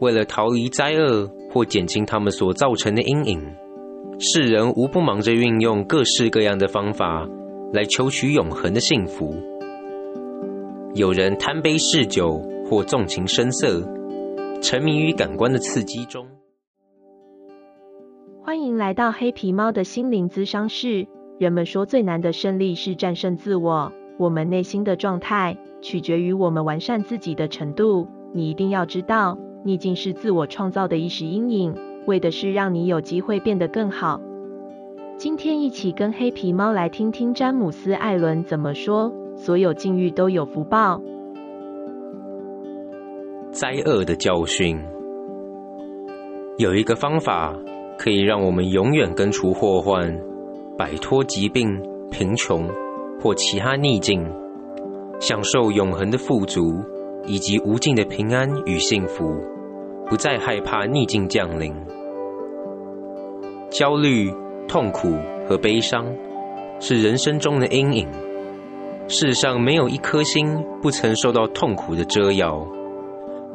為了逃離災厄或減輕他們所造成的陰影，世人無不忙着運用各式各樣的方法來求取永恆的幸福。有人貪杯嗜酒或縱情聲色，沉迷於感官的刺激中。歡迎來到黑皮貓的心靈諮商室。人們說最難的勝利是戰勝自我。我們內心的狀態取決於我們完善自己的程度。你一定要知道。逆境是自我創造的意識陰影，為的是讓你有機會變得更好。今天一起跟黑皮貓來聽聽詹姆斯·艾倫怎麼說：“所有境遇都有福報，災厄的教訓。有一個方法可以讓我們永遠根除禍患，擺脫疾病、貧窮或其他逆境，享受永恆的富足以及無盡的平安與幸福。”不再害怕逆境降臨，焦慮、痛苦和悲傷是人生中的陰影。世上沒有一顆心不曾受到痛苦的煎熬，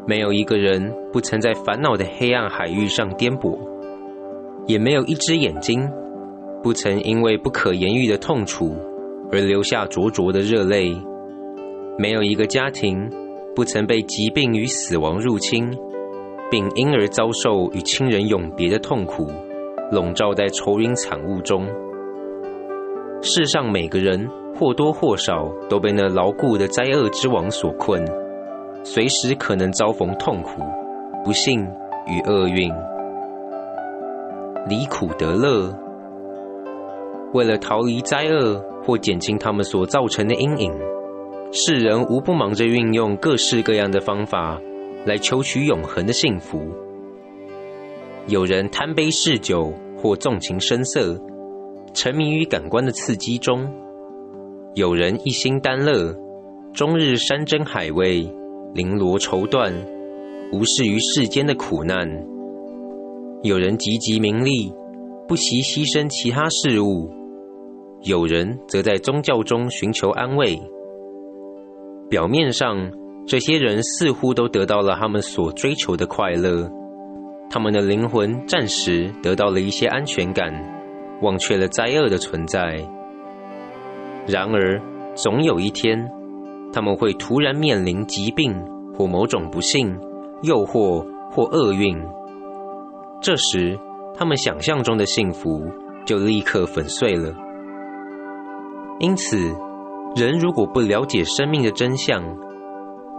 沒有一個人不曾在煩惱的黑暗海域上顛簸，也沒有一隻眼睛不曾因為不可言喻的痛楚而流下灼灼的熱淚，沒有一個家庭不曾被疾病與死亡入侵。並因而遭受與親人永別的痛苦，籠罩在愁雲慘霧中。世上每個人或多或少都被那牢固的災厄之網所困，隨時可能遭逢痛苦、不幸與厄運。離苦得樂，為了逃離災厄或減輕他們所造成的陰影，世人無不忙着運用各式各樣的方法，來求取永恆的幸福。有人貪杯嗜酒或縱情聲色，沉迷於感官的刺激中；有人一心耽樂，終日山珍海味、綾羅綢緞，無視於世間的苦難；有人汲汲名利，不惜犧牲其他事物；有人則在宗教中尋求安慰。表面上，這些人似乎都得到了他們所追求的快樂，他們的靈魂暫時得到了一些安全感，忘卻了災厄的存在。然而，總有一天，他們會突然面臨疾病或某種不幸、誘惑或厄運。這時，他們想象中的幸福就立刻粉碎了。因此，人如果不了解生命的真相，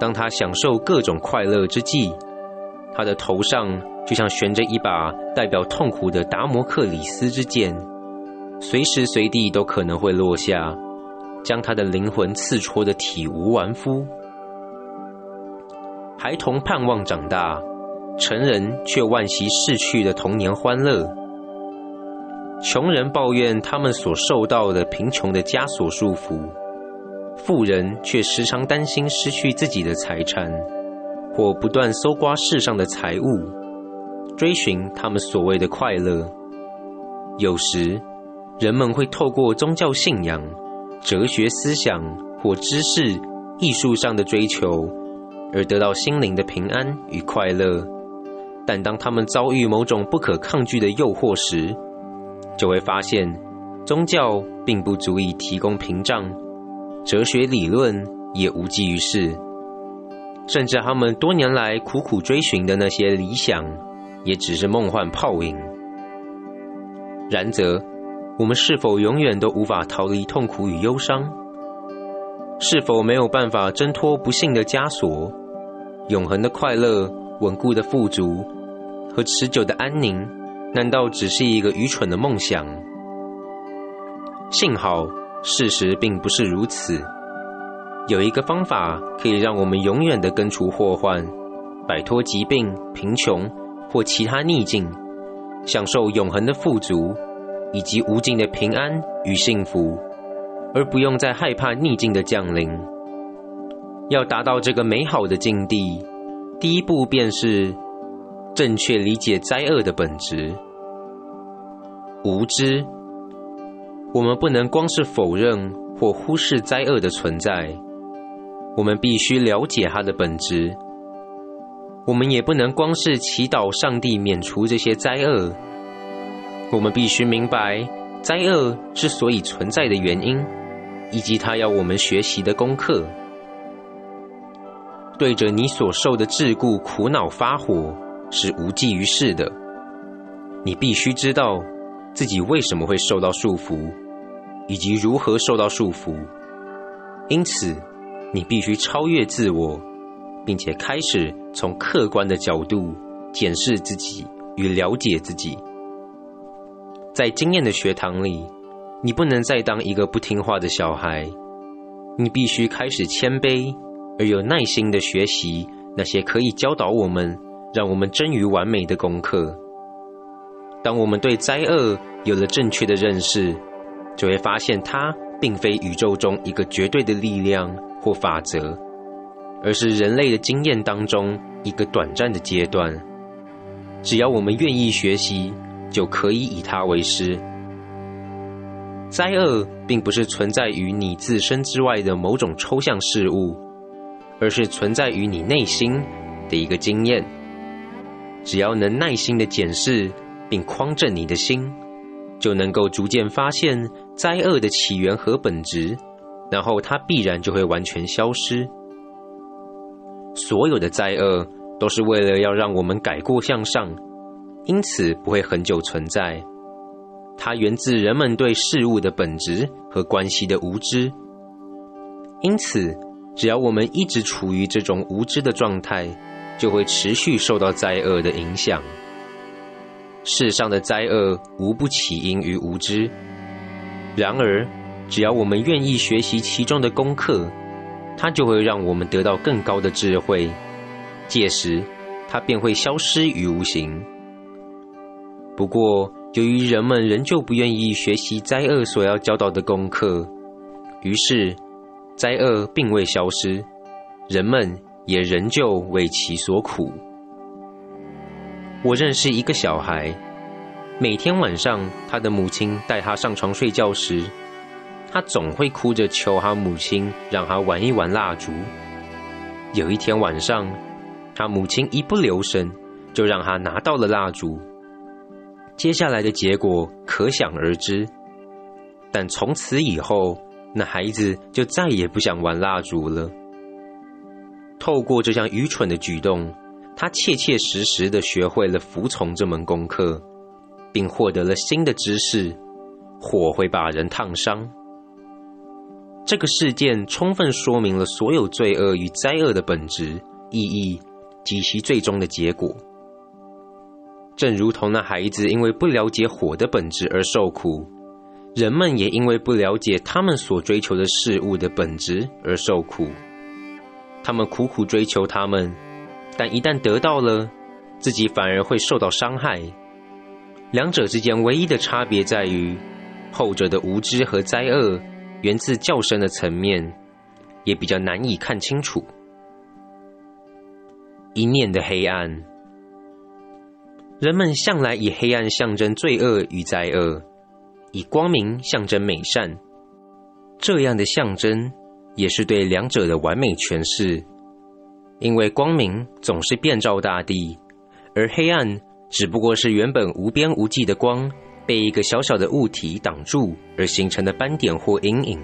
當他享受各種快樂之際，他的頭上就像懸着一把代表痛苦的達摩克里斯之劍，隨時隨地都可能會落下，將他的靈魂刺戳得體無完膚。孩童盼望長大，成人卻惋惜逝去的童年歡樂。窮人抱怨他們所受到的貧窮的枷鎖束縛。富人卻時常擔心失去自己的財產，或不斷搜刮世上的財物，追尋他們所謂的快樂。有時，人們會透過宗教信仰、哲學思想或知識、藝術上的追求，而得到心靈的平安與快樂。但當他們遭遇某種不可抗拒的誘惑時，就會發現，宗教並不足以提供屏障。哲學理論也無濟於事，甚至他們多年來苦苦追尋的那些理想，也只是夢幻泡影。然則，我們是否永遠都無法逃離痛苦與憂傷？是否沒有辦法掙脫不幸的枷鎖？永恆的快樂、穩固的富足和持久的安寧，難道只是一個愚蠢的夢想？幸好。事實並不是如此。有一個方法可以讓我們永遠的根除禍患，擺脫疾病、貧窮或其他逆境，享受永恆的富足以及無盡的平安與幸福，而不用再害怕逆境的降臨。要達到這個美好的境地，第一步便是正確理解災厄的本質——無知。我們不能光是否認或忽視災厄的存在，我們必須了解它的本質。我們也不能光是祈禱上帝免除這些災厄，我們必須明白災厄之所以存在的原因，以及它要我們學習的功課。對着你所受的桎梏苦惱發火是無濟於事的，你必須知道自己為什麼會受到束縛。以及如何受到束縛，因此，你必須超越自我，並且開始從客觀的角度檢視自己與了解自己。在經驗的學堂裡，你不能再當一個不聽話的小孩，你必須開始謙卑而有耐心地學習那些可以教導我們、讓我們臻於完美的功課。當我們對災厄有了正確的認識，就會發現，它並非宇宙中一個絕對的力量或法則，而是人類的經驗當中一個短暫的階段。只要我們願意學習，就可以以它為師。災厄並不是存在於你自身之外的某種抽象事物，而是存在於你內心的一個經驗。只要能耐心的檢視並匡正你的心。就能夠逐漸發現災厄的起源和本質，然後它必然就會完全消失。所有的災厄都是為了要讓我們改過向上，因此不會很久存在。它源自人們對事物的本質和關係的無知，因此只要我們一直處於這種無知的狀態，就會持續受到災厄的影響。世上的災厄無不起因於無知，然而，只要我們願意學習其中的功課，它就會讓我們得到更高的智慧。屆時，它便會消失於無形。不過，由於人們仍舊不願意學習災厄所要教導的功課，於是災厄並未消失，人們也仍舊為其所苦。我認識一個小孩，每天晚上，他的母親帶他上床睡覺時，他總會哭着求他母親讓他玩一玩蠟燭。有一天晚上，他母親一不留神，就讓他拿到了蠟燭。接下來的結果可想而知，但從此以後，那孩子就再也不想玩蠟燭了。透過這項愚蠢的舉動。他切切實實地學會了服從這門功課，並獲得了新的知識。火會把人燙傷。這個事件充分說明了所有罪惡與災厄的本質、意義及其最終的結果。正如同那孩子因為不了解火的本質而受苦，人們也因為不了解他們所追求的事物的本質而受苦。他們苦苦追求他們。但一旦得到了，自己反而會受到傷害。兩者之間唯一的差別在於，後者的無知和災厄源自較深的層面，也比較難以看清楚。一念的黑暗，人們向來以黑暗象徵罪惡與災厄，以光明象徵美善。這樣的象徵也是對兩者的完美詮釋。因為光明總是遍照大地，而黑暗只不過是原本無邊無際的光被一個小小的物體擋住而形成的斑點或陰影。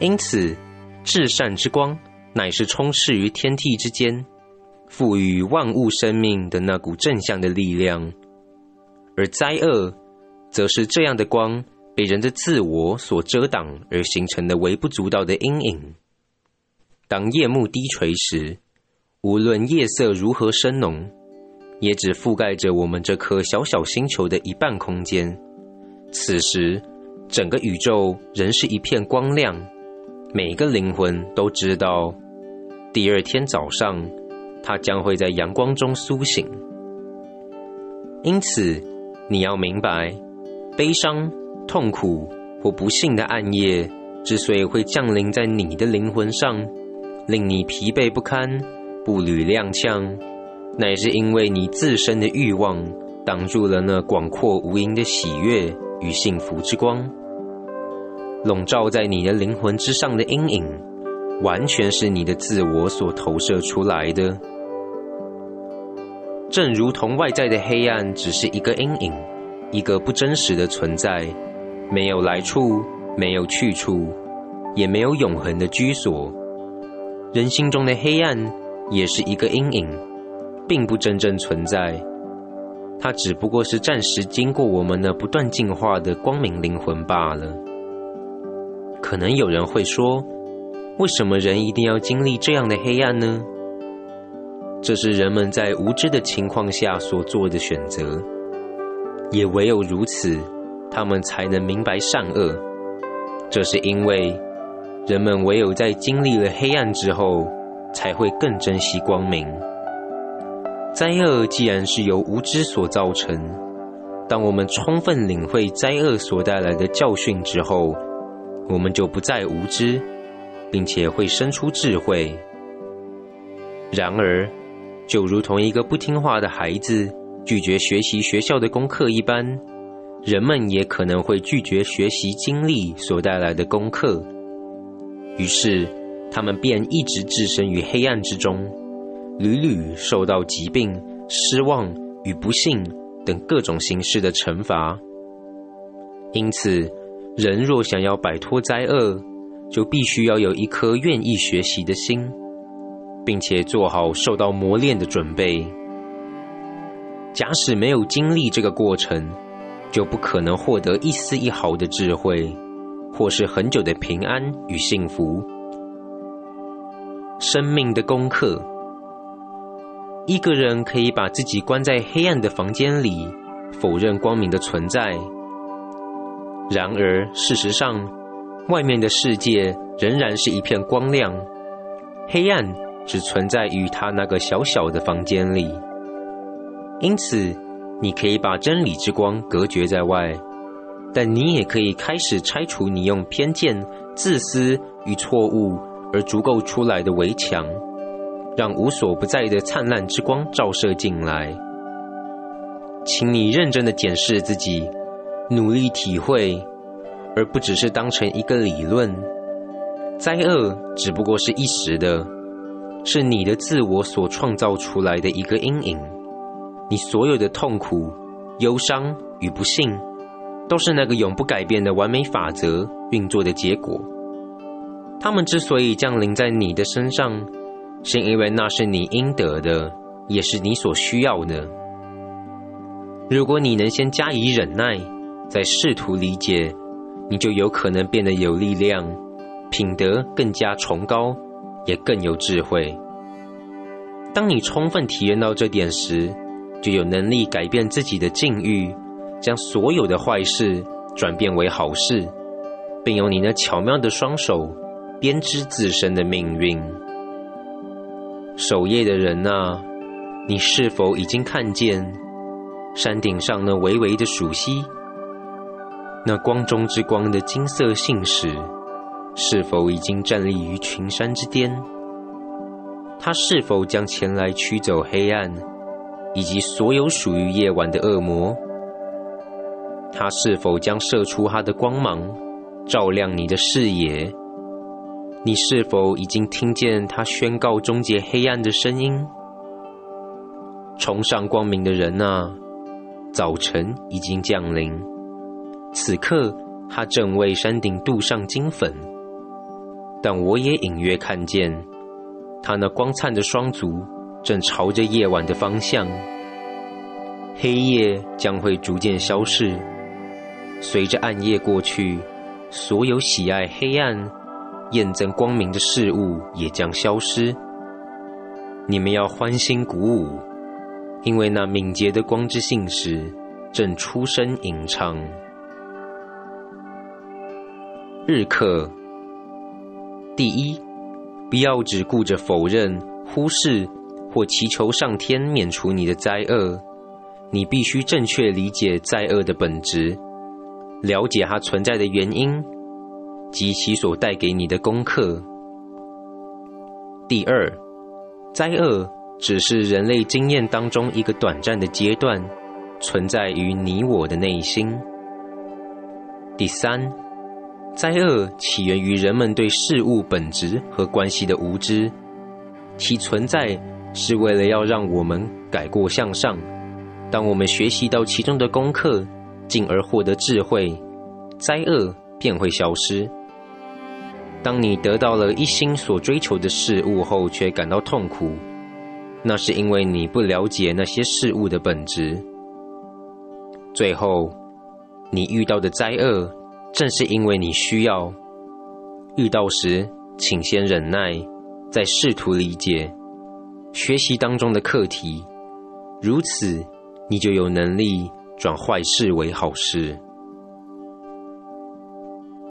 因此，至善之光乃是充斥於天地之間、賦予萬物生命的那股正向的力量，而災厄則是這樣的光被人的自我所遮擋而形成的微不足道的陰影。當夜幕低垂時，無論夜色如何深濃，也只覆蓋着我們這顆小小星球的一半空間。此時，整個宇宙仍是一片光亮，每個靈魂都知道，第二天早上，它將會在陽光中甦醒。因此，你要明白，悲傷、痛苦或不幸的暗夜之所以會降臨在你的靈魂上，令你疲憊不堪、步履踉蹌，那也是因為你自身的欲望擋住了那廣闊無垠的喜悅與幸福之光。籠罩在你的靈魂之上的陰影，完全是你的自我所投射出來的。正如同外在的黑暗只是一個陰影，一個不真實的存在，沒有來處，沒有去處，也沒有永恆的居所。人心中的黑暗也是一個陰影，並不真正存在，它只不過是暫時經過我們的不斷進化的光明靈魂罷了。可能有人會說，為什麼人一定要經歷這樣的黑暗呢？這是人們在無知的情況下所做的選擇，也唯有如此，他們才能明白善惡。這是因為。人們唯有在經歷了黑暗之後，才會更珍惜光明。災厄既然是由無知所造成，當我們充分領會災厄所帶來的教訓之後，我們就不再無知，並且會生出智慧。然而，就如同一個不聽話的孩子拒絕學習學校的功課一般，人們也可能會拒絕學習經歷所帶來的功課。於是，他們便一直置身於黑暗之中，屢屢受到疾病、失望與不幸等各種形式的懲罰。因此，人若想要擺脫災厄，就必須要有一顆願意學習的心，並且做好受到磨練的準備。假使沒有經歷這個過程，就不可能獲得一絲一毫的智慧。或是很久的平安與幸福，生命的功課。一個人可以把自己關在黑暗的房間裡，否認光明的存在。然而，事實上，外面的世界仍然是一片光亮，黑暗只存在於他那個小小的房間裡。因此，你可以把真理之光隔絕在外。但你也可以開始拆除你用偏見、自私與錯誤而築構出來的圍牆，讓無所不在的燦爛之光照射進來。請你認真的檢視自己，努力體會，而不只是當成一個理論。災厄只不過是一時的，是你的自我所創造出來的一個陰影，你所有的痛苦、憂傷與不幸。都是那個永不改變的完美法則運作的結果。他們之所以降臨在你的身上，是因為那是你應得的，也是你所需要的。如果你能先加以忍耐，再試圖理解，你就有可能變得有力量，品德更加崇高，也更有智慧。當你充分體驗到這點時，就有能力改變自己的境遇。將所有的壞事轉變為好事，並由你那巧妙的雙手編織自身的命運。守夜的人啊，你是否已經看見山頂上那微微的曙曦？那光中之光的金色信使，是否已經站立於群山之巔？他是否將前來驅走黑暗，以及所有屬於夜晚的惡魔？他是否將射出他的光芒，照亮你的視野？你是否已經聽見他宣告終結黑暗的聲音？崇尚光明的人啊，早晨已經降臨。此刻，他正為山頂鍍上金粉。但我也隱約看見，他那光燦的雙足正朝着夜晚的方向。黑夜將會逐漸消逝。隨着暗夜過去，所有喜愛黑暗、厭憎光明的事物也將消失。你們要歡欣鼓舞，因為那敏捷的光之信使正出聲吟唱。日課第一，不要只顧着否認、忽視或祈求上天免除你的災厄，你必須正確理解災厄的本質。了解它存在的原因及其所帶給你的功課。第二，災厄只是人類經驗當中一個短暫的階段，存在於你我的內心。第三，災厄起源於人們對事物本質和關係的無知，其存在是為了要讓我們改過向上。當我們學習到其中的功課，進而獲得智慧，災厄便會消失。當你得到了一心所追求的事物後，卻感到痛苦，那是因為你不了解那些事物的本質。最後，你遇到的災厄正是因為你需要。遇到時，請先忍耐，再試圖理解，學習當中的課題。如此，你就有能力。轉壞事為好事。